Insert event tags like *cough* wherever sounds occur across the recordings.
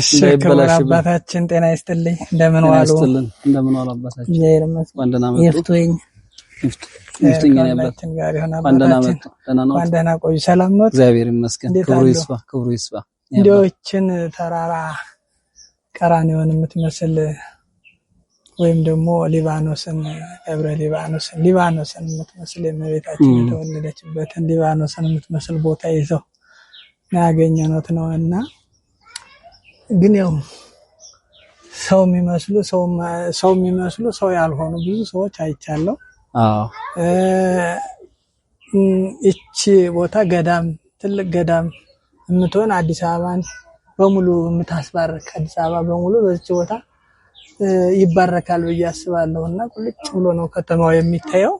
እሺ ክቡር አባታችን ጤና ይስጥልኝ። እንደምን ዋሉ? እንደምን ዋሉ አባታችን? ዋንደና ቆዩ። ሰላም እግዚአብሔር ይመስገን። ክብሩ ይስፋ፣ ክብሩ ይስፋ። እንዲዎችን ተራራ ቀራንዮን የምትመስል ወይም ደግሞ ሊባኖስን ደብረ ሊባኖስን ሊባኖስን የምትመስል የመቤታችን የተወለደችበትን ሊባኖስን የምትመስል ቦታ ይዘው ያገኘኖት ነው እና ግን ያው ሰው የሚመስሉ ሰው የሚመስሉ ሰው ያልሆኑ ብዙ ሰዎች አይቻለሁ። እቺ ቦታ ገዳም ትልቅ ገዳም የምትሆን አዲስ አበባን በሙሉ የምታስባርክ አዲስ አበባ በሙሉ በዚች ቦታ ይባረካል ብዬ አስባለሁ። እና ቁልጭ ብሎ ነው ከተማው የሚታየው።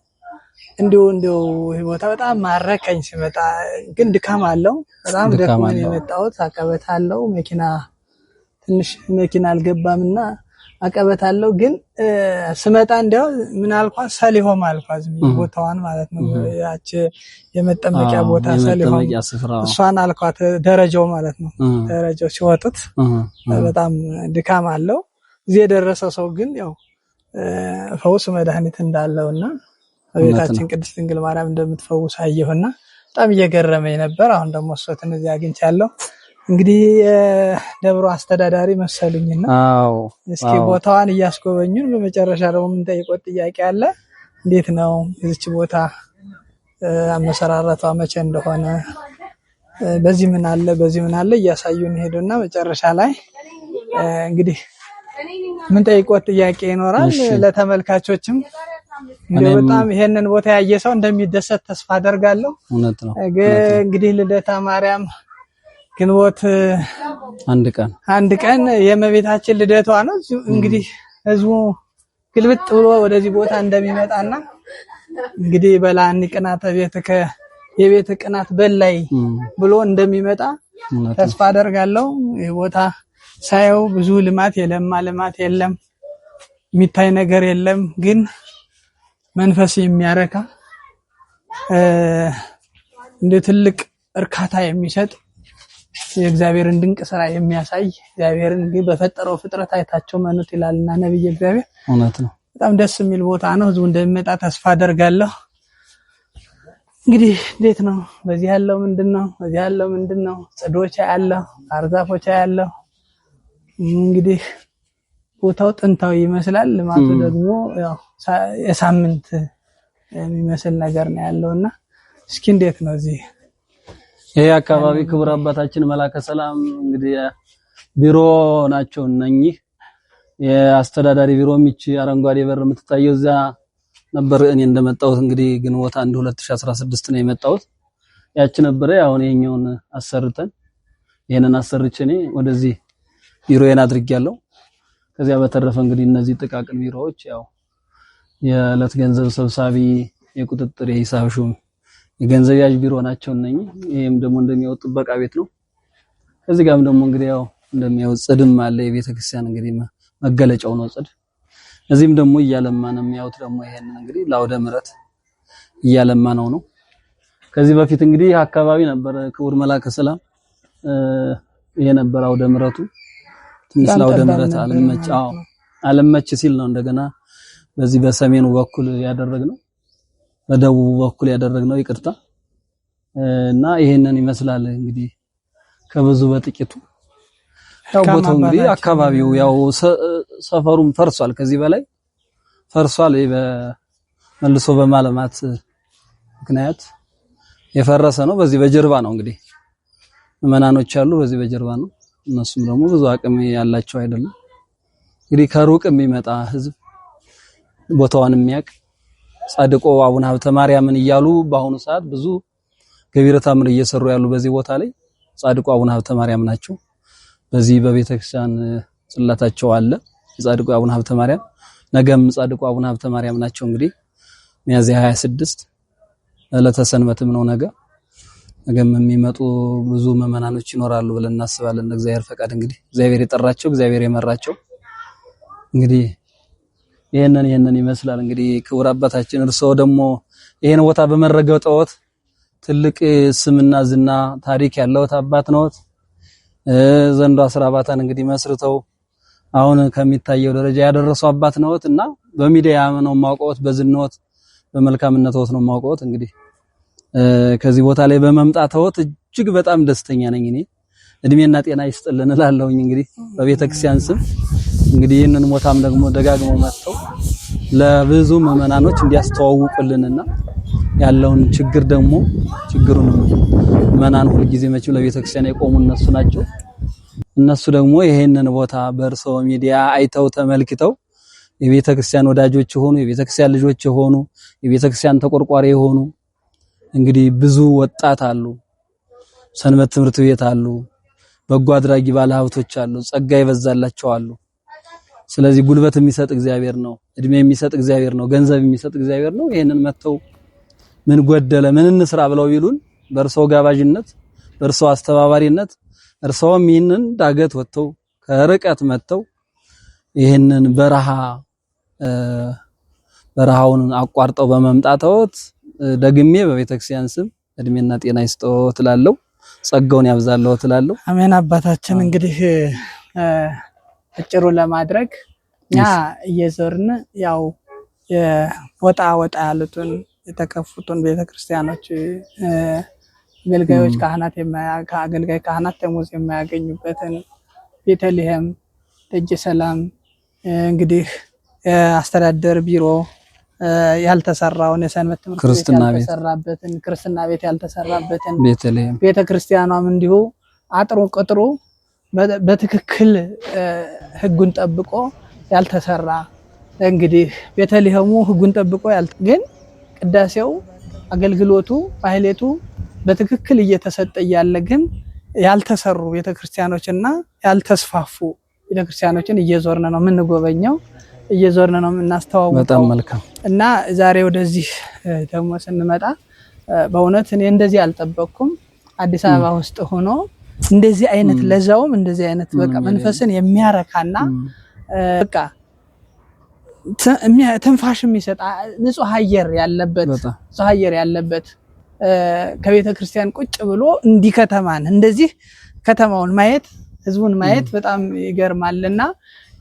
እንዲሁ እንዲሁ ይህ ቦታ በጣም ማረከኝ ሲመጣ። ግን ድካም አለው። በጣም ደክሞኝ የመጣሁት አቀበት አለው መኪና ትንሽ መኪና አልገባም እና አቀበት አለው። ግን ስመጣ እንዲያው ምን አልኳ ሰሊሆም አልኳት ቦታዋን ማለት ነው። ያቺ የመጠመቂያ ቦታ ሰሊሆም እሷን አልኳት። ደረጃው ማለት ነው። ደረጃው ሲወጡት በጣም ድካም አለው። እዚህ የደረሰ ሰው ግን ያው ፈውስ መድኃኒት እንዳለው እና ቤታችን ቅድስት ድንግል ማርያም እንደምትፈውስ አየሁና በጣም እየገረመኝ ነበር። አሁን ደግሞ እሷን እዚህ አግኝቻለሁ። እንግዲህ የደብሮ አስተዳዳሪ መሰሉኝ እና እስኪ ቦታዋን እያስጎበኙን በመጨረሻ ደግሞ የምንጠይቆት ጥያቄ አለ። እንዴት ነው የዚች ቦታ አመሰራረቷ መቼ እንደሆነ በዚህ ምን አለ በዚህ ምን አለ እያሳዩን ሄዱና መጨረሻ ላይ እንግዲህ ምን ጠይቆት ጥያቄ ይኖራል። ለተመልካቾችም በጣም ይሄንን ቦታ ያየ ሰው እንደሚደሰት ተስፋ አደርጋለሁ። ግን እንግዲህ ልደታ ማርያም ግንቦት አንድ ቀን አንድ ቀን የእመቤታችን ልደቷ ነው። እንግዲህ ህዝቡ ግልብጥ ብሎ ወደዚህ ቦታ እንደሚመጣና እንግዲህ በላኒ ቅናተ ቤትከ የቤት ቅናት በላይ ብሎ እንደሚመጣ ተስፋ አደርጋለሁ። ቦታ ሳየው ብዙ ልማት የለማ ልማት የለም፣ የሚታይ ነገር የለም። ግን መንፈስ የሚያረካ እንደ ትልቅ እርካታ የሚሰጥ የእግዚአብሔርን ድንቅ ስራ የሚያሳይ እግዚአብሔርን እንግዲህ በፈጠረው ፍጥረት አይታቸው መኑት ይላልና ነብይ እግዚአብሔር። እውነት ነው። በጣም ደስ የሚል ቦታ ነው። ህዝቡ እንደሚመጣ ተስፋ አደርጋለሁ። እንግዲህ እንዴት ነው በዚህ ያለው ምንድን ነው? በዚህ ያለው ምንድን ነው? ጽዶቻ ያለው አርዛፎቻ ያለው እንግዲህ ቦታው ጥንታዊ ይመስላል። ልማቱ ደግሞ ያው የሳምንት የሚመስል ነገር ነው ያለውና እስኪ እንዴት ነው እዚህ ይሄ አካባቢ ክቡር አባታችን መላከ ሰላም እንግዲህ ቢሮ ናቸው እነኚህ የአስተዳዳሪ ቢሮ ሚች አረንጓዴ በር የምትታየው እዚያ ነበር። እኔ እንደመጣሁት እንግዲህ ግንቦት አንድ 2016 ነው የመጣሁት። ያቺ ነበረ አሁን ይሄኛውን አሰርተን ይሄንን አሰርቼ እኔ ወደዚህ ቢሮዬን አድርጌያለሁ። ከዚያ በተረፈ እንግዲህ እነዚህ ጥቃቅን ቢሮዎች ያው የዕለት ገንዘብ ሰብሳቢ፣ የቁጥጥር የሂሳብ ሹም የገንዘብ ያዥ ቢሮ ናቸው እነኚህ። ይሄም ደግሞ እንደሚያወጡ ጥበቃ ቤት ነው። እዚህ ጋርም ደግሞ እንግዲህ ያው እንደሚያወጥ ጽድም አለ። የቤተ ክርስቲያን እንግዲህ መገለጫው ነው ጽድ። እዚህም ደግሞ እያለማ ነው የሚያወጥ ደግሞ ይሄንን እንግዲህ ለአውደ ምረት እያለማ ነው ነው። ከዚህ በፊት እንግዲህ አካባቢ ነበር ክቡር መላከ ሰላም ይሄ ነበር አውደ ምረቱ። ትንሽ ለአውደ ምረት አልመች አልመች ሲል ነው እንደገና በዚህ በሰሜኑ በኩል ያደረግነው። በደቡቡ በኩል ያደረግነው ይቅርታ እና ይሄንን ይመስላል እንግዲህ ከብዙ በጥቂቱ ያው ቦታው እንግዲህ አካባቢው ያው ሰፈሩም ፈርሷል፣ ከዚህ በላይ ፈርሷል። መልሶ በማልማት ምክንያት የፈረሰ ነው። በዚህ በጀርባ ነው እንግዲህ ምዕመናኖች አሉ፣ በዚህ በጀርባ ነው። እነሱም ደግሞ ብዙ አቅም ያላቸው አይደለም። እንግዲህ ከሩቅ የሚመጣ ህዝብ ቦታውን የሚያውቅ ጻድቆ አቡነ ሀብተ ማርያምን እያሉ በአሁኑ ሰዓት ብዙ ገቢረ ተአምር እየሰሩ ያሉ በዚህ ቦታ ላይ ጻድቆ አቡነ ሀብተ ማርያም ናቸው። በዚህ በቤተ ክርስቲያን ጽላታቸው አለ። ጻድቆ አቡነ ሀብተ ማርያም ነገም ጻድቆ አቡነ ሀብተ ማርያም ናቸው። እንግዲህ ሚያዝያ 26 ዕለተ ሰንበትም ነው ነገ። ነገም የሚመጡ ብዙ ምዕመናኖች ይኖራሉ ብለን እናስባለን። እግዚአብሔር ፈቃድ እንግዲህ እግዚአብሔር የጠራቸው እግዚአብሔር የመራቸው እንግዲህ ይህንን ይህንን ይመስላል እንግዲህ ክቡር አባታችን እርስዎ ደግሞ ይህን ቦታ በመረገጠዎት ትልቅ ስምና ዝና ታሪክ ያለዎት አባት ነዎት። ዘንዶ አስራ አባታን እንግዲህ መስርተው አሁን ከሚታየው ደረጃ ያደረሱ አባት ነዎት እና በሚዲያ ነው ማውቀዎት፣ በዝናዎት፣ በመልካምነትዎት ነው ማውቀዎት። እንግዲህ ከዚህ ቦታ ላይ በመምጣትዎት እጅግ በጣም ደስተኛ ነኝ እኔ። እድሜና ጤና ይስጥልን እላለሁኝ እንግዲህ በቤተክርስቲያን ስም እንግዲህ ይህንን ቦታም ደግሞ ደጋግሞ መጥተው ለብዙ ምዕመናኖች እንዲያስተዋውቁልንና ያለውን ችግር ደግሞ ችግሩን ምዕመናን ሁልጊዜ መቼም ለቤተክርስቲያን የቆሙ እነሱ ናቸው። እነሱ ደግሞ ይሄንን ቦታ በእርስዎ ሚዲያ አይተው ተመልክተው የቤተክርስቲያን ወዳጆች የሆኑ የቤተክርስቲያን ልጆች የሆኑ የቤተክርስቲያን ተቆርቋሪ የሆኑ እንግዲህ ብዙ ወጣት አሉ፣ ሰንበት ትምህርት ቤት አሉ፣ በጎ አድራጊ ባለሀብቶች አሉ፣ ጸጋ ይበዛላቸው አሉ። ስለዚህ ጉልበት የሚሰጥ እግዚአብሔር ነው። እድሜ የሚሰጥ እግዚአብሔር ነው። ገንዘብ የሚሰጥ እግዚአብሔር ነው። ይሄንን መተው ምን ጎደለ፣ ምን እንስራ ብለው ቢሉን በእርሶ ጋባዥነት፣ በእርሶ አስተባባሪነት እርሶም ይህንን ዳገት ወጥተው ከርቀት መጥተው ይህንን በረሃ በረሃውን አቋርጠው በመምጣታዎት ደግሜ በቤተክርስቲያን ስም እድሜና ጤና ይስጠው ትላለው። ጸጋውን ያብዛለው ትላለው። አሜን። አባታችን እንግዲህ አጭሩ ለማድረግ እኛ እየዞርን ያው ወጣ ወጣ ያሉትን የተከፉትን ቤተክርስቲያኖች አገልጋዮች ካህናት አገልጋይ ካህናት ደሞዝ የማያገኙበትን ቤተልሔም፣ ደጀ ሰላም እንግዲህ አስተዳደር ቢሮ ያልተሰራውን የሰንበት ትምህርት ቤት ያልተሰራበትን ክርስትና ቤት ያልተሰራበትን ቤተክርስቲያኗም እንዲሁ አጥሩ ቅጥሩ በትክክል ህጉን ጠብቆ ያልተሰራ እንግዲህ ቤተልሔሙ ህጉን ጠብቆ ግን ቅዳሴው አገልግሎቱ ማህሌቱ በትክክል እየተሰጠ እያለ ግን ያልተሰሩ ቤተክርስቲያኖችና ያልተስፋፉ ቤተክርስቲያኖችን እየዞርን ነው የምንጎበኘው፣ እየዞርን ነው የምናስተዋውቀው። በጣም መልካም እና ዛሬ ወደዚህ ደግሞ ስንመጣ በእውነት እኔ እንደዚህ አልጠበቅኩም። አዲስ አበባ ውስጥ ሆኖ እንደዚህ አይነት ለዛውም እንደዚህ አይነት በቃ መንፈስን የሚያረካና በቃ ትንፋሽ የሚሰጥ ንጹህ አየር ያለበት ንጹህ አየር ያለበት ከቤተ ክርስቲያን ቁጭ ብሎ እንዲህ ከተማን እንደዚህ ከተማውን ማየት ህዝቡን ማየት በጣም ይገርማልና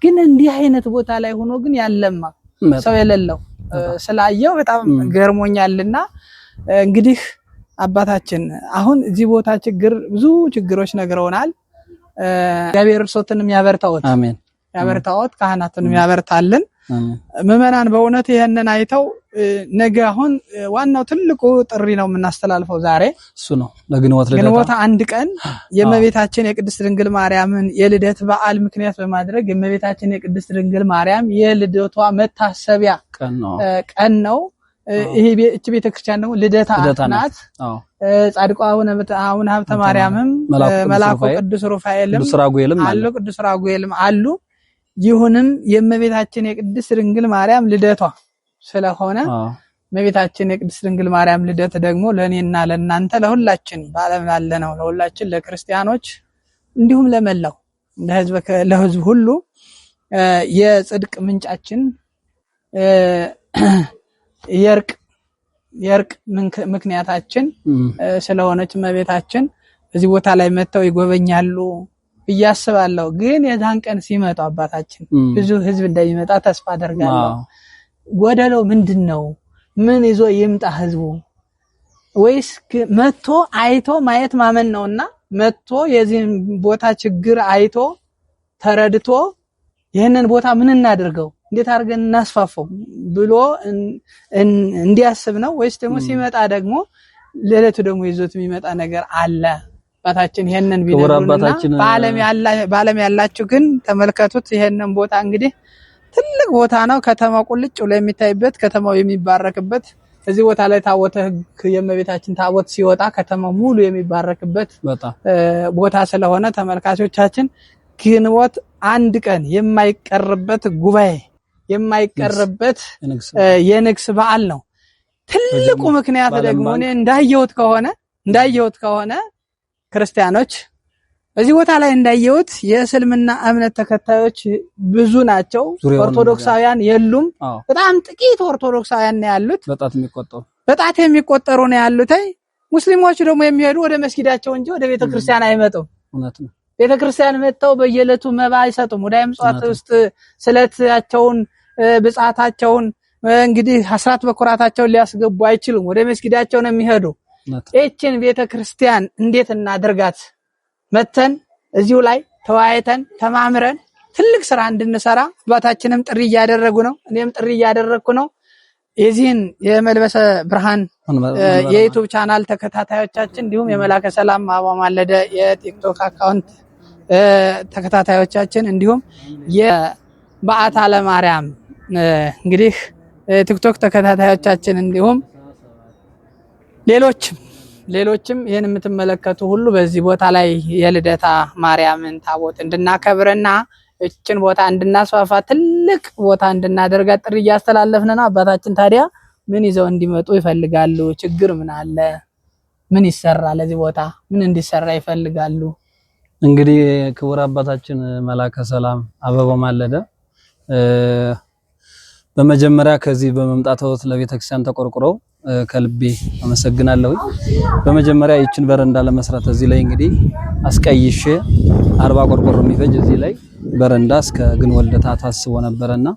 ግን እንዲህ አይነት ቦታ ላይ ሆኖ ግን ያለማ ሰው የሌለው ስላየው በጣም ገርሞኛልና እንግዲህ አባታችን አሁን እዚህ ቦታ ችግር ብዙ ችግሮች ነግረውናል። እግዚአብሔር እርሶትንም ያበርታዎት፣ አሜን። ያበርታዎት፣ ካህናቱንም ያበርታልን። ምዕመናን በእውነት ይሄንን አይተው ነገ አሁን ዋናው ትልቁ ጥሪ ነው የምናስተላልፈው ዛሬ እሱ ነው። ለግንቦት ግንቦት አንድ ቀን *gasps* የእመቤታችን የቅድስት ድንግል ማርያምን የልደት በዓል ምክንያት በማድረግ የእመቤታችን የቅድስት ድንግል ማርያም የልደቷ መታሰቢያ ቀን ነው። ይሄ እች ቤተክርስቲያን ደግሞ ልደታ ናት። ጻድቁ አቡነ አቡነ ሀብተ ማርያምም መላኩ ቅዱስ ሩፋኤልም አሉ ቅዱስ ራጉኤልም አሉ። ይሁንም የእመቤታችን የቅድስት ድንግል ማርያም ልደቷ ስለሆነ እመቤታችን የቅድስት ድንግል ማርያም ልደት ደግሞ ለእኔና ለእናንተ ለሁላችን በዓለም ያለ ነው ለሁላችን ለክርስቲያኖች እንዲሁም ለመላው ለህዝብ ሁሉ የጽድቅ ምንጫችን የእርቅ የእርቅ ምክንያታችን ስለሆነች እመቤታችን እዚህ ቦታ ላይ መጥተው ይጎበኛሉ ብዬ አስባለሁ። ግን የዛን ቀን ሲመጡ አባታችን ብዙ ህዝብ እንደሚመጣ ተስፋ አደርጋለሁ። ጎደለው ምንድን ነው? ምን ይዞ ይምጣ ህዝቡ? ወይስ መጥቶ አይቶ ማየት ማመን ነውና መጥቶ የዚህን ቦታ ችግር አይቶ ተረድቶ ይህንን ቦታ ምን እናደርገው እንዴት አድርገን እናስፋፋው ብሎ እንዲያስብ ነው ወይስ ደግሞ ሲመጣ ደግሞ ለዕለቱ ደግሞ ይዞት የሚመጣ ነገር አለ? አባታችን ይሄንን ቢነግሩና በዓለም ያላችሁ ግን ተመልከቱት። ይሄንን ቦታ እንግዲህ ትልቅ ቦታ ነው። ከተማ ቁልጭ ብሎ የሚታይበት ከተማው የሚባረክበት እዚህ ቦታ ላይ ታቦተ ሕግ የእመቤታችን ታቦት ሲወጣ ከተማው ሙሉ የሚባረክበት ቦታ ስለሆነ ተመልካቾቻችን ግንቦት አንድ ቀን የማይቀርበት ጉባኤ የማይቀርበት የንግስ በዓል ነው። ትልቁ ምክንያት ደግሞ እኔ እንዳየሁት ከሆነ እንዳየሁት ከሆነ ክርስቲያኖች በዚህ ቦታ ላይ እንዳየሁት የእስልምና እምነት ተከታዮች ብዙ ናቸው። ኦርቶዶክሳውያን የሉም። በጣም ጥቂት ኦርቶዶክሳውያን ነው ያሉት፣ በጣት የሚቆጠሩ ነው ያሉት። ሙስሊሞች ደግሞ የሚሄዱ ወደ መስጊዳቸው እንጂ ወደ ቤተክርስቲያን አይመጡም። ቤተክርስቲያን መጥተው በየዕለቱ መባ አይሰጡም። ወዳይም ምጽዋት ውስጥ ስለታቸውን ብጻታቸውን እንግዲህ አስራት በኩራታቸውን ሊያስገቡ አይችሉም። ወደ መስጊዳቸው ነው የሚሄዱ። ይችን ቤተ ክርስቲያን እንዴት እናደርጋት? መተን እዚሁ ላይ ተወያይተን ተማምረን ትልቅ ስራ እንድንሰራ አባታችንም ጥሪ እያደረጉ ነው። እኔም ጥሪ እያደረግኩ ነው። የዚህን የመልበሰ ብርሃን የዩቱብ ቻናል ተከታታዮቻችን እንዲሁም የመላከ ሰላም አባ ማለደ የቲክቶክ አካውንት ተከታታዮቻችን እንዲሁም የበዓታ ለማርያም እንግዲህ ቲክቶክ ተከታታዮቻችን እንዲሁም ሌሎችም ሌሎችም ይህን የምትመለከቱ ሁሉ በዚህ ቦታ ላይ የልደታ ማርያምን ታቦት እንድናከብርና እችን ቦታ እንድናስፋፋ ትልቅ ቦታ እንድናደርጋ ጥሪ ነው አባታችን ታዲያ ምን ይዘው እንዲመጡ ይፈልጋሉ? ችግር ምን አለ? ምን ይሰራ? ለዚህ ቦታ ምን እንዲሰራ ይፈልጋሉ? እንግዲህ ክቡር አባታችን መላከ ሰላም አበባው ማለደ በመጀመሪያ ከዚህ በመምጣት ለቤተክርስቲያን ተቆርቁረው ከልቤ አመሰግናለሁ። በመጀመሪያ ይችን በረንዳ ለመስራት እዚህ ላይ እንግዲህ አስቀይሼ አርባ ቆርቆሮ የሚፈጅ እዚህ ላይ በረንዳ እስከ ግንወልደታ ታስቦ ነበረና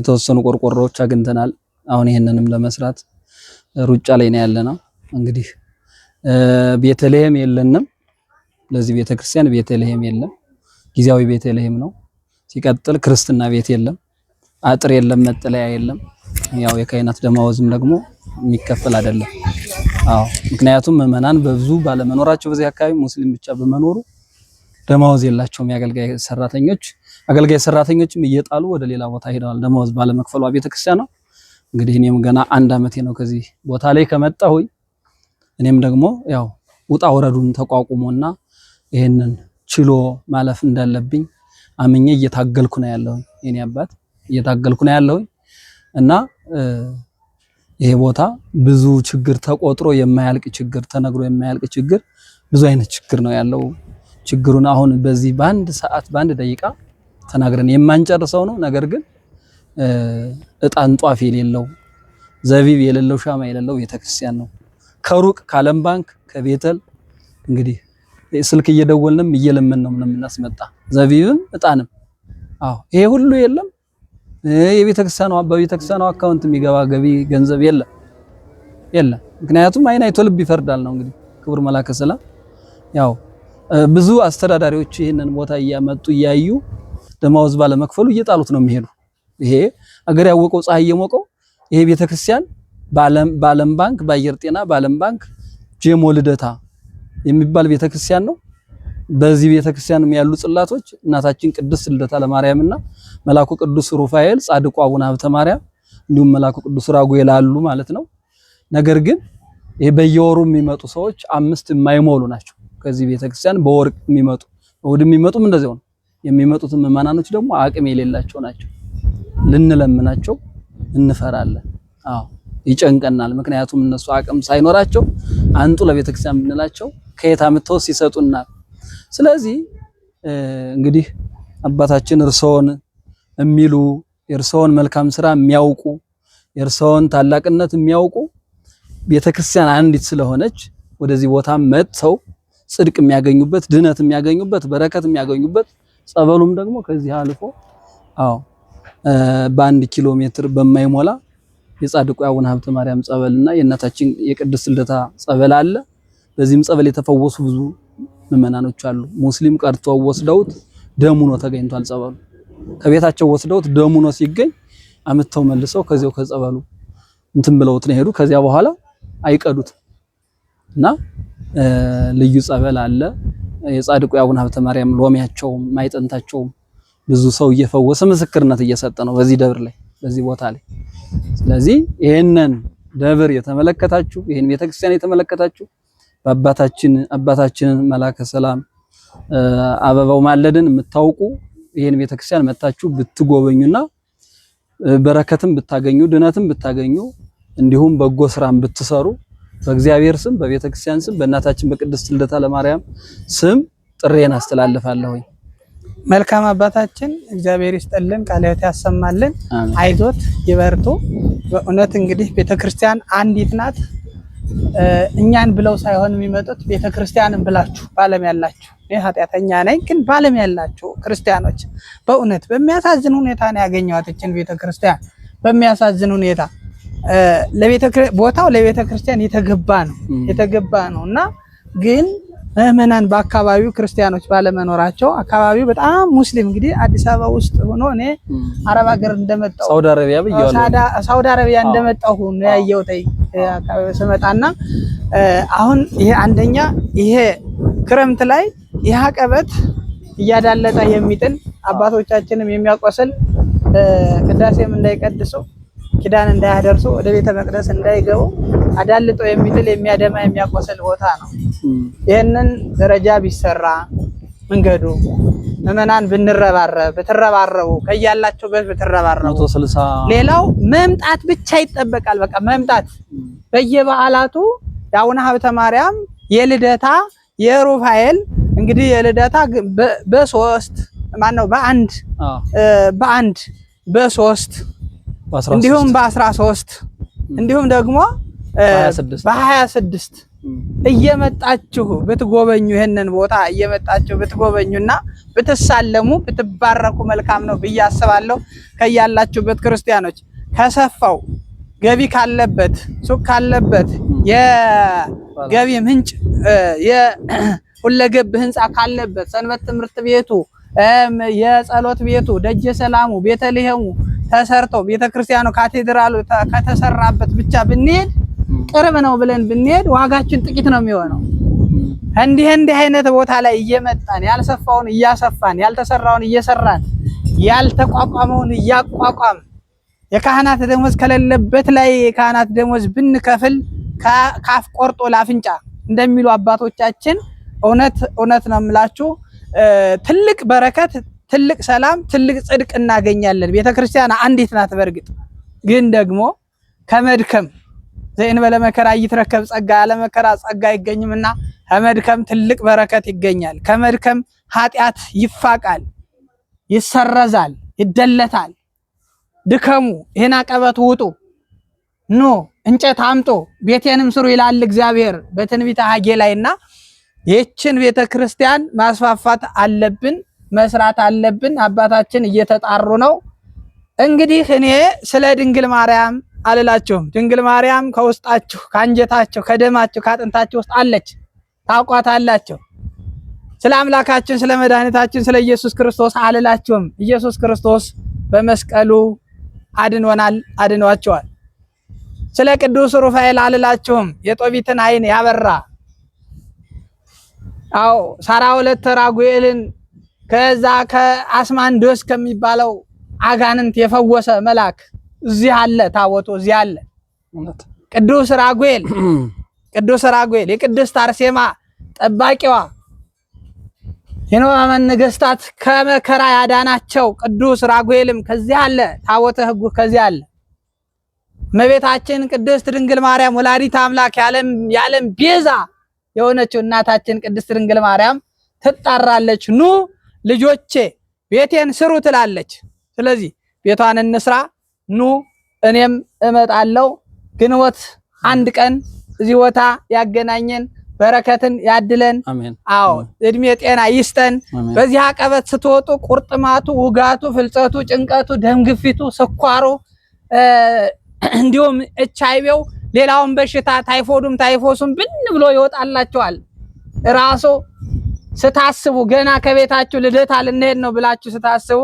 የተወሰኑ ቆርቆሮዎች አግኝተናል። አሁን ይሄንንም ለመስራት ሩጫ ላይ ነው ያለነው። እንግዲህ ቤተልሔም የለንም፣ ለዚህ ቤተክርስቲያን ቤተልሔም የለም፣ ጊዜያዊ ቤተልሔም ነው። ሲቀጥል ክርስትና ቤት የለም። አጥር የለም፣ መጠለያ የለም። ያው የካህናት ደመወዝም ደግሞ የሚከፈል አይደለም። አዎ ምክንያቱም ምዕመናን በብዙ ባለመኖራቸው በዚህ አካባቢ ሙስሊም ብቻ በመኖሩ ደመወዝ የላቸውም። የአገልጋይ ሰራተኞች አገልጋይ ሰራተኞችም እየጣሉ ወደ ሌላ ቦታ ሄደዋል፣ ደመወዝ ባለመክፈሏ ቤተክርስቲያን ነው። እንግዲህ እኔም ገና አንድ ዓመቴ ነው ከዚህ ቦታ ላይ ከመጣሁኝ። እኔም ደግሞ ያው ውጣ ወረዱን ተቋቁሞና ይህንን ችሎ ማለፍ እንዳለብኝ አምኜ እየታገልኩ ነው ያለሁኝ የኔ አባት እየታገልኩ ነው ያለሁኝ እና ይሄ ቦታ ብዙ ችግር ተቆጥሮ የማያልቅ ችግር ተነግሮ የማያልቅ ችግር ብዙ አይነት ችግር ነው ያለው። ችግሩን አሁን በዚህ በአንድ ሰዓት በአንድ ደቂቃ ተናግረን የማንጨርሰው ነው። ነገር ግን እጣን ጧፍ የሌለው ዘቢብ የሌለው ሻማ የሌለው ቤተክርስቲያን ነው። ከሩቅ ከዓለም ባንክ ከቤተል እንግዲህ ስልክ እየደወልንም እየለመን ነው ምንም እናስመጣ ዘቢብም እጣንም። አዎ ይሄ ሁሉ የለም። የቤተክርስቲያኗ በቤተክርስቲያኗ አካውንት የሚገባ ገቢ ገንዘብ የለም የለም። ምክንያቱም አይን አይቶ ልብ ይፈርዳል ነው እንግዲህ ክቡር መላከ ሰላም። ያው ብዙ አስተዳዳሪዎች ይህንን ቦታ እያመጡ እያዩ ደመወዝ ባለመክፈሉ እየጣሉት ነው የሚሄዱ። ይሄ አገር ያወቀው ፀሐይ እየሞቀው ይሄ ቤተክርስቲያን በዓለም ባንክ በአየር ጤና በዓለም ባንክ ጄሞ ልደታ የሚባል ቤተክርስቲያን ነው። በዚህ ቤተክርስቲያንም ያሉ ጽላቶች እናታችን ቅድስት ልደታ ለማርያምና መላኩ ቅዱስ ሩፋኤል፣ ጻድቁ አቡነ ሀብተ ማርያም እንዲሁም መላኩ ቅዱስ ራጉኤል አሉ ማለት ነው። ነገር ግን ይሄ በየወሩ የሚመጡ ሰዎች አምስት የማይሞሉ ናቸው። ከዚህ ቤተክርስቲያን በወርቅ የሚመጡ እሑድ የሚመጡም እንደዚያው ነው። የሚመጡት ምዕመናኖች ደግሞ አቅም የሌላቸው ናቸው። ልንለምናቸው እንፈራለን። አዎ ይጨንቀናል። ምክንያቱም እነሱ አቅም ሳይኖራቸው አንጡ ለቤተክርስቲያን ብንላቸው ከየት አምጥተው ሲሰጡናል ስለዚህ እንግዲህ አባታችን እርሶን የሚሉ የእርሶን መልካም ስራ የሚያውቁ የእርሶን ታላቅነት የሚያውቁ ቤተክርስቲያን አንዲት ስለሆነች ወደዚህ ቦታ መጥተው ጽድቅ የሚያገኙበት ድነት የሚያገኙበት በረከት የሚያገኙበት ጸበሉም ደግሞ ከዚህ አልፎ አዎ በአንድ ኪሎ ሜትር በማይሞላ የጻድቁ አቡነ ሀብተ ማርያም ጸበልና የእናታችን የቅድስት ልደታ ጸበል አለ። በዚህም ጸበል የተፈወሱ ብዙ ምእመናኖች አሉ። ሙስሊም ቀርቶ ወስደውት ደሙ ነው ተገኝቷል። ጸበሉ ከቤታቸው ወስደውት ደሙ ነው ሲገኝ አምጥተው መልሰው ከዚያው ከጸበሉ እንትን ብለውት ነው ሄዱ። ከዚያ በኋላ አይቀዱት እና ልዩ ጸበል አለ። የጻድቁ የአቡነ ሀብተ ማርያም ሎሚያቸውም ማይጠንታቸውም ብዙ ሰው እየፈወሰ ምስክርነት እየሰጠ ነው በዚህ ደብር ላይ በዚህ ቦታ ላይ። ስለዚህ ይሄንን ደብር የተመለከታችሁ ይሄን ቤተክርስቲያን የተመለከታችሁ በአባታችን አባታችንን መላከ ሰላም አበባው ማለድን የምታውቁ ይሄን ቤተክርስቲያን መታችሁ ብትጎበኙና በረከትም ብታገኙ ድነትም ብታገኙ እንዲሁም በጎ ስራም ብትሰሩ በእግዚአብሔር ስም በቤተክርስቲያን ስም በእናታችን በቅድስት ልደታ ለማርያም ስም ጥሬን አስተላልፋለሁኝ። መልካም አባታችን እግዚአብሔር ይስጠልን፣ ቃለ ያሰማልን። አይዞት ይበርቱ። በእውነት እንግዲህ ቤተክርስቲያን አንዲት ናት። እኛን ብለው ሳይሆን የሚመጡት ቤተ ክርስቲያንን ብላችሁ በዓለም ያላችሁ እኔ ኃጢአተኛ ነኝ፣ ግን በዓለም ያላችሁ ክርስቲያኖች በእውነት በሚያሳዝን ሁኔታ ነው ያገኘኋት ይችን ቤተ ክርስቲያን። በሚያሳዝን ሁኔታ ቦታው ለቤተ ክርስቲያን የተገባ ነው የተገባ ነው እና ግን መእመናን በአካባቢው ክርስቲያኖች ባለመኖራቸው አካባቢው በጣም ሙስሊም እንግዲህ አዲስ አበባ ውስጥ ሆኖ እኔ አረብ ሀገር እንደመጣሁ ሳውዲ አረቢያ ብያለሁ። ሳውዲ አረቢያ እንደመጣሁ ነው ያየሁት አካባቢ ስመጣና አሁን ይሄ አንደኛ ይሄ ክረምት ላይ ይህ አቀበት እያዳለጠ የሚጥል አባቶቻችንም የሚያቆስል ቅዳሴም እንዳይቀድሱ ኪዳን እንዳያደርሱ ወደ ቤተ መቅደስ እንዳይገቡ አዳልጦ የሚጥል የሚያደማ የሚያቆስል ቦታ ነው። ይህንን ደረጃ ቢሰራ መንገዱ ምዕመናን ብንረባረብ ብትረባረቡ ከያላቸው በት ብትረባረቡ ሌላው መምጣት ብቻ ይጠበቃል። በቃ መምጣት በየበዓላቱ የአቡነ ሀብተ ማርያም የልደታ የሩፋኤል እንግዲህ የልደታ በሶስት ማን ነው በአንድ በአንድ በሶስት እንዲሁም በአስራ ሶስት እንዲሁም ደግሞ በሀያ ስድስት እየመጣችሁ ብትጎበኙ ይህንን ቦታ እየመጣችሁ ብትጎበኙና ብትሳለሙ ብትባረኩ መልካም ነው ብዬ አስባለሁ። ከያላችሁበት ክርስቲያኖች ከሰፋው ገቢ ካለበት ሱቅ ካለበት የገቢ ምንጭ የሁለገብ ህንፃ ካለበት ሰንበት ትምህርት ቤቱ የጸሎት ቤቱ ደጀ ሰላሙ ቤተልሔሙ ተሰርቶ ቤተክርስቲያኑ ካቴድራሉ ከተሰራበት ብቻ ብንሄድ ቅርብ ነው ብለን ብንሄድ ዋጋችን ጥቂት ነው የሚሆነው። እንዲህ እንዲህ አይነት ቦታ ላይ እየመጣን ያልሰፋውን እያሰፋን ያልተሰራውን እየሰራን ያልተቋቋመውን እያቋቋም የካህናት ደሞዝ ከሌለበት ላይ የካህናት ደሞዝ ብንከፍል ካፍ ቆርጦ ላፍንጫ እንደሚሉ አባቶቻችን እውነት እውነት ነው የምላችሁ ትልቅ በረከት፣ ትልቅ ሰላም፣ ትልቅ ጽድቅ እናገኛለን። ቤተክርስቲያን አንዲት ናት። በእርግጥ ግን ደግሞ ከመድከም ዘእንበለ መከራ ይትረከብ ጸጋ፣ ያለ መከራ ጸጋ አይገኝምና ከመድከም ትልቅ በረከት ይገኛል። ከመድከም ኃጢአት ይፋቃል፣ ይሰረዛል፣ ይደለታል። ድከሙ ይህን አቀበት ውጡ ኖ እንጨት አምጦ ቤቴንም ስሩ ይላል እግዚአብሔር በትንቢተ ሐጌ ላይና ይህችን ቤተ ክርስቲያን ማስፋፋት አለብን፣ መስራት አለብን። አባታችን እየተጣሩ ነው። እንግዲህ እኔ ስለ ድንግል ማርያም አልላችሁም። ድንግል ማርያም ከውስጣችሁ ከአንጀታችሁ ከደማችሁ ከአጥንታችሁ ውስጥ አለች፣ ታውቋታላችሁ። ስለ አምላካችን ስለ መድኃኒታችን ስለ ኢየሱስ ክርስቶስ አልላችሁም። ኢየሱስ ክርስቶስ በመስቀሉ አድኖናል፣ አድኗቸዋል። ስለ ቅዱስ ሩፋኤል አልላችሁም። የጦቢትን ዓይን ያበራ አዎ ሳራ ሁለት ራጉኤልን ከዛ ከአስማንዶስ ከሚባለው አጋንንት የፈወሰ መልአክ እዚህ አለ ታቦቱ እዚህ አለ። ቅዱስ ራጉኤል *clears throat* ቅዱስ ራጉኤል የቅድስት አርሴማ ጠባቂዋ የኖማመን ነገስታት ከመከራ ያዳናቸው ቅዱስ ራጉኤልም ከዚህ አለ። ታቦተ ሕጉ ከዚህ አለ። እመቤታችን ቅድስት ድንግል ማርያም ወላዲት አምላክ የዓለም ቤዛ የሆነችው እናታችን ቅድስት ድንግል ማርያም ትጣራለች። ኑ ልጆቼ ቤቴን ስሩ ትላለች። ስለዚህ ቤቷን እንስራ። ኑ እኔም እመጣለሁ። ግንቦት አንድ ቀን እዚህ ቦታ ያገናኘን በረከትን ያድለን። አዎ እድሜ ጤና ይስጠን። በዚህ አቀበት ስትወጡ ቁርጥማቱ፣ ውጋቱ፣ ፍልጸቱ፣ ጭንቀቱ፣ ደምግፊቱ፣ ስኳሩ እንዲሁም ኤች አይ ቪው ሌላውን በሽታ ታይፎዱም ታይፎሱም ብን ብሎ ይወጣላቸዋል። ራሱ ስታስቡ ገና ከቤታችሁ ልደታ ልንሄድ ነው ብላችሁ ስታስቡ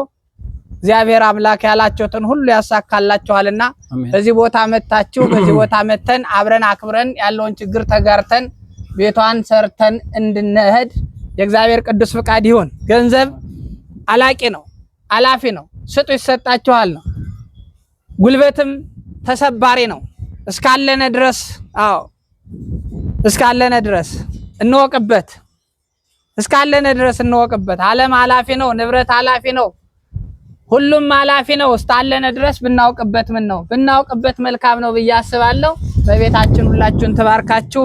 እግዚአብሔር አምላክ ያላቸውትን ሁሉ ያሳካላችኋልና በዚህ ቦታ መታችሁ በዚህ ቦታ መተን አብረን አክብረን ያለውን ችግር ተጋርተን ቤቷን ሰርተን እንድንሄድ የእግዚአብሔር ቅዱስ ፍቃድ ይሁን። ገንዘብ አላቂ ነው፣ አላፊ ነው። ስጡ ይሰጣችኋል ነው። ጉልበትም ተሰባሪ ነው። እስካለነ ድረስ አዎ፣ እስካለነ ድረስ እንወቅበት፣ እስካለነ ድረስ እንወቅበት። ዓለም አላፊ ነው፣ ንብረት አላፊ ነው። ሁሉም ኃላፊ ነው። እስካለን ድረስ ብናውቅበት ምን ነው ብናውቅበት መልካም ነው ብዬ አስባለሁ። በቤታችን ሁላችሁን ትባርካችሁ፣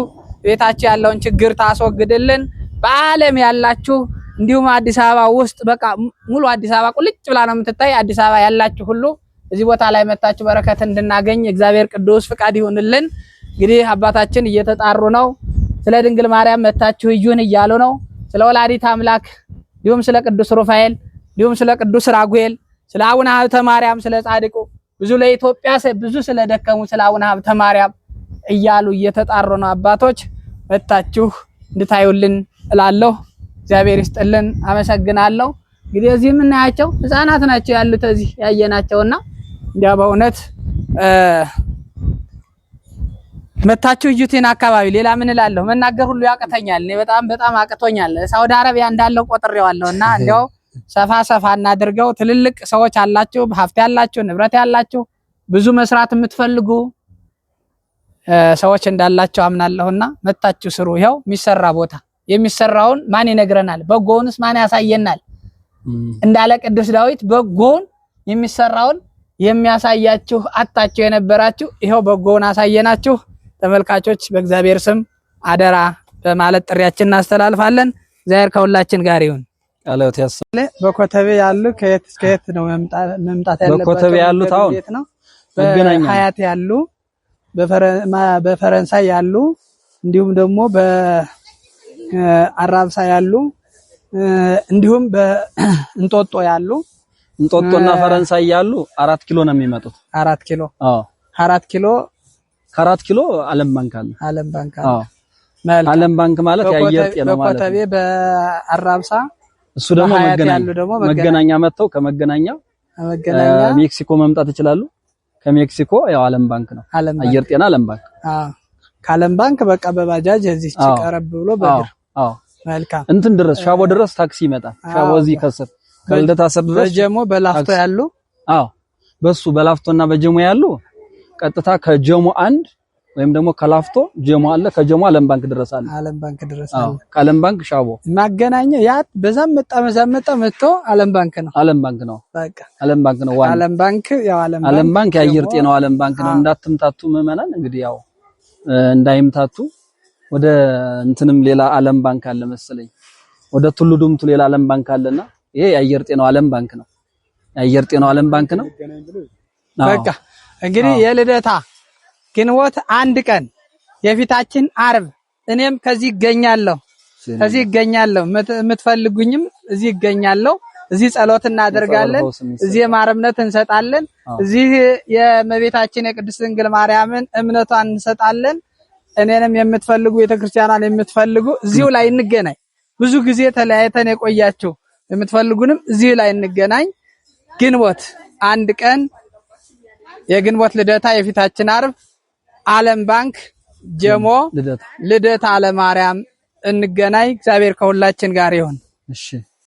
ቤታችሁ ያለውን ችግር ታስወግድልን። በዓለም ያላችሁ እንዲሁም አዲስ አበባ ውስጥ በቃ ሙሉ አዲስ አበባ ቁልጭ ብላ ነው የምትታይ። አዲስ አበባ ያላችሁ ሁሉ እዚህ ቦታ ላይ መታችሁ በረከት እንድናገኝ እግዚአብሔር ቅዱስ ፍቃድ ይሁንልን። እንግዲህ አባታችን እየተጣሩ ነው። ስለ ድንግል ማርያም መታችሁ እዩን እያሉ ነው። ስለ ወላዲት አምላክ እንዲሁም ስለ ቅዱስ ሩፋኤል እንዲሁም ስለ ቅዱስ ራጉኤል ስለ አቡነ ሀብተ ማርያም ስለ ጻድቁ ብዙ ለኢትዮጵያ ብዙ ስለደከሙ ስለ አቡነ ሀብተ ማርያም እያሉ እየተጣሩ ነው አባቶች። መታችሁ እንድታዩልን እላለሁ። እግዚአብሔር ይስጥልን። አመሰግናለሁ። እንግዲህ እዚህ የምናያቸው ህፃናት ናቸው ያሉት እዚህ ያየናቸውና እንዲያ በእውነት መታችሁ እዩቴን አካባቢ ሌላ ምን እላለሁ መናገር ሁሉ ያቅተኛል። እኔ በጣም በጣም አቅቶኛል። ሳውዲ አረቢያ እንዳለው ቆጥሬዋለሁ እና *laughs* እንዲያው ሰፋ ሰፋ እናድርገው። ትልልቅ ሰዎች አላችሁ፣ ሀብት ያላችሁ፣ ንብረት ያላችሁ፣ ብዙ መስራት የምትፈልጉ ሰዎች እንዳላችሁ አምናለሁና መታችሁ ስሩ። ይኸው የሚሰራ ቦታ የሚሰራውን ማን ይነግረናል? በጎውንስ ማን ያሳየናል? እንዳለ ቅዱስ ዳዊት በጎውን የሚሰራውን የሚያሳያችሁ አጣችሁ የነበራችሁ ይኸው በጎውን አሳየናችሁ። ተመልካቾች በእግዚአብሔር ስም አደራ በማለት ጥሪያችን እናስተላልፋለን። እግዚአብሔር ከሁላችን ጋር ይሁን። ያለውት ያሰለ በኮተቤ ያሉ ከየት ከየት ነው መምጣት ያለበት? በኮተቤ ያሉት አሁን በሀያት ያሉ በፈረንሳይ ያሉ እንዲሁም ደግሞ በአራብሳ ያሉ እንዲሁም በእንጦጦ *clears throat* ያሉ እንጦጦና ፈረንሳይ ያሉ አራት ኪሎ ነው የሚመጡት። አራት ኪሎ አዎ፣ አራት ኪሎ ከአራት ኪሎ ዓለም ባንክ አለ። ዓለም ባንክ አዎ፣ ዓለም ባንክ ማለት የአየር ጤና ማለት ነው። በኮተቤ በአራብሳ እሱ ደግሞ መገናኛ መጥተው ከመገናኛ ሜክሲኮ መምጣት ይችላሉ። ከሜክሲኮ ያው ዓለም ባንክ ነው፣ አየር ጤና ዓለም ባንክ። ከዓለም ባንክ በቃ በባጃጅ እዚህ ቀረብ ብሎ በእግር መልካም እንትን ድረስ ሻቦ ድረስ ታክሲ ይመጣል። ሻቦ እዚህ ከስር ከልደታ ሰብ ድረስ በጀሞ በላፍቶ ያሉ አዎ፣ በሱ በላፍቶና በጀሞ ያሉ ቀጥታ ከጀሞ አንድ ወይም ደግሞ ከላፍቶ ጀሞ አለ። ከጀሞ አለም ባንክ ድረስ አለም ባንክ ድረስ አለ። ከአለም ባንክ ሻቦ ማገናኘ ያ በዛም መጣ በዛም መጣ መጥቶ አለም ባንክ ነው። አለም ባንክ ነው። በቃ አለም ባንክ ነው። ዋን አለም ባንክ ያው አለም ባንክ አለም ባንክ የአየር ጤናው አለም ባንክ ነው። እንዳትምታቱ ምዕመናን እንግዲህ ያው እንዳይምታቱ ወደ እንትንም ሌላ አለም ባንክ አለ መሰለኝ። ወደ ቱሉ ዱምቱ ሌላ አለም ባንክ አለና ይሄ የአየር ጤናው አለም ባንክ ነው። የአየር ጤናው አለም ባንክ ነው። በቃ እንግዲህ የልደታ ግንቦት አንድ ቀን የፊታችን አርብ እኔም ከዚህ ይገኛለሁ ከዚህ ይገኛለሁ። የምትፈልጉኝም እዚህ ይገኛለሁ። እዚህ ጸሎት እናደርጋለን። እዚህ የማር እምነት እንሰጣለን። እዚህ የእመቤታችን የቅድስት ድንግል ማርያምን እምነቷን እንሰጣለን። እኔንም የምትፈልጉ ቤተክርስቲያኗን የምትፈልጉ እዚሁ ላይ እንገናኝ። ብዙ ጊዜ ተለያይተን የቆያችሁ የምትፈልጉንም እዚሁ ላይ እንገናኝ። ግንቦት አንድ ቀን የግንቦት ልደታ የፊታችን አርብ ዓለም ባንክ ጀሞ ልደታ አለማርያም እንገናኝ። እግዚአብሔር ከሁላችን ጋር ይሁን። እሺ